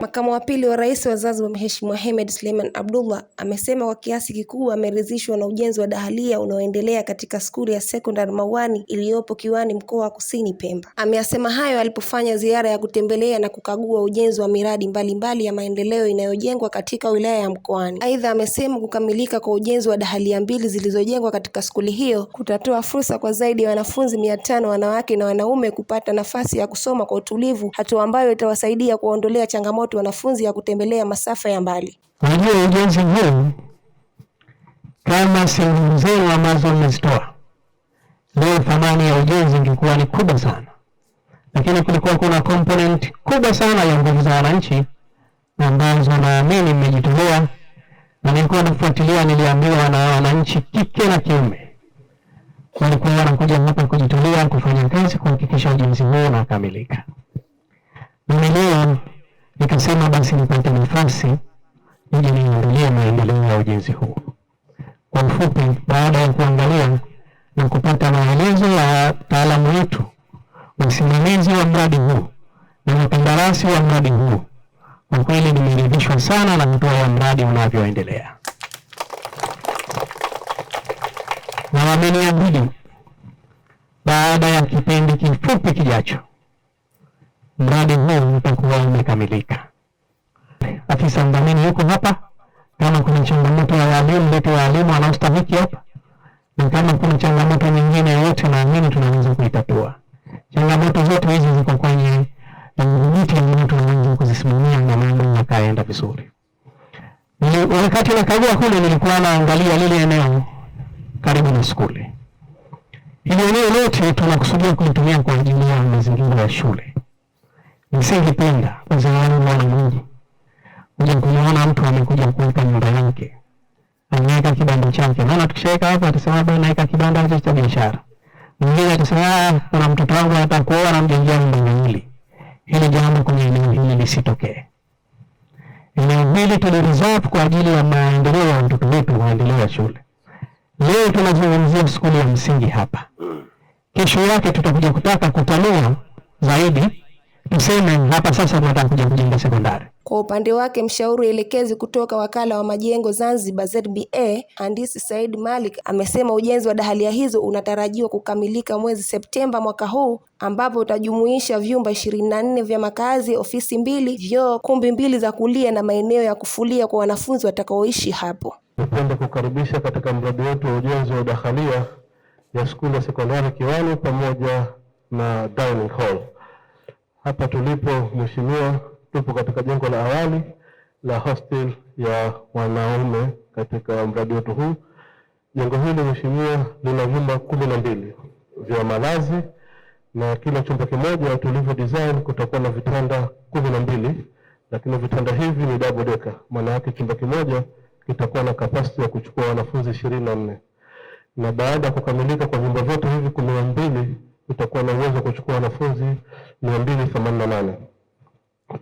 Makamu wa pili wa Rais wa Zanzibar Mheshimiwa Hemed Suleiman Abdullah amesema kwa kiasi kikubwa ameridhishwa na ujenzi wa dahalia unaoendelea katika skuli ya sekondari Mauani iliyopo Kiwani mkoa wa Kusini Pemba. Ameyasema hayo alipofanya ziara ya kutembelea na kukagua ujenzi wa miradi mbalimbali mbali ya maendeleo inayojengwa katika wilaya ya Mkoani. Aidha, amesema kukamilika kwa ujenzi wa dahalia mbili zilizojengwa katika skuli hiyo kutatoa fursa kwa zaidi ya wanafunzi mia tano wanawake na wanaume kupata nafasi ya kusoma kwa utulivu, hatua ambayo itawasaidia kuwaondolea changamoto support wanafunzi ya kutembelea masafa ya mbali. Unajua ujenzi huu kama sehemu zenu ambazo mmezitoa leo, thamani ya ujenzi ingekuwa ni kubwa sana, lakini kulikuwa kuna component kubwa sana ya nguvu za wananchi ambazo naamini mmejitolea, na nilikuwa nafuatilia, niliambiwa na wananchi kike na kiume walikuwa wanakuja hapa kujitolea kufanya kazi kuhakikisha ujenzi huu unakamilika. Mimi nikasema basi nipate nafasi ili niangalie maendeleo ya ujenzi huu. Kwa mfupi, baada ya kuangalia na kupata maelezo ya wataalamu wetu, msimamizi wa mradi huu na mkandarasi wa mradi huu, kwa kweli nimeridhishwa sana na hatua ya mradi unavyoendelea, na wameniahidi baada ya kipindi kifupi kijacho mradi huu utakuwa umekamilika afisa ndamini yuko hapa. Kama kuna changamoto ya walimu, lete walimu wanaostahiki hapa, na kama kuna changamoto nyingine yoyote, naamini tunaweza kuitatua. Changamoto zote hizi ziko kwenye miti ambayo tunaweza kuzisimamia na mambo yakaenda vizuri. Ni Wakati na nakagua kule, nilikuwa naangalia lile eneo karibu na shule. Ile eneo lote tunakusudia kulitumia kwa ajili ya mazingira ya shule. Nisingependa wazee wangu wana mji kuja kumuona mtu amekuja kuweka nyumba yake, anaweka kibanda chake. Maana tukishaweka hapo, atasema bwana, naweka kibanda hicho cha biashara. Mwingine atasema ah, kuna mtoto wangu atakuoa na namjengia nyumba miwili. Hili jambo kwenye eneo hili lisitokee. Eneo hili tulireserve kwa ajili ya maendeleo ya mtoto wetu, maendeleo ya shule. Leo tunazungumzia shule ya msingi hapa, kesho yake tutakuja kutaka kutanua zaidi tuseme hapa sasa tunataka kuja kujenga sekondari. Kwa upande wake mshauri elekezi kutoka wakala wa majengo Zanzibar ZBA mhandisi Said Malik amesema ujenzi wa dahalia hizo unatarajiwa kukamilika mwezi Septemba mwaka huu, ambapo utajumuisha vyumba ishirini na nne vya makazi, ofisi mbili, vyoo, kumbi mbili za kulia na maeneo ya kufulia kwa wanafunzi watakaoishi hapo. Nipende kukaribisha katika mradi wetu wa ujenzi wa dahalia ya shule ya sekondari Kiwani pamoja na dining hall. Hapa tulipo mheshimiwa, tupo katika jengo la awali la hostel ya wanaume katika mradi wetu huu. Jengo hili mheshimiwa, lina vyumba kumi na mbili vya malazi na kila chumba kimoja tulivyo design kutakuwa na vitanda kumi na mbili, lakini vitanda hivi ni double decker, maana yake chumba kimoja kitakuwa na kapasiti ya kuchukua wanafunzi ishirini na nne na baada ya kukamilika kwa vyumba vyote hivi kumi na mbili itakuwa na uwezo wa kuchukua wanafunzi mia mbili themanini na nane.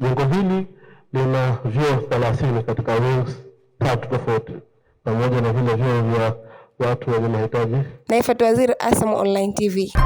Jengo hili lina vyoo thelathini katika wings tatu tofauti pamoja na vile vyoo vya watu wenye mahitaji. Naifat Waziri, ASAM Online TV.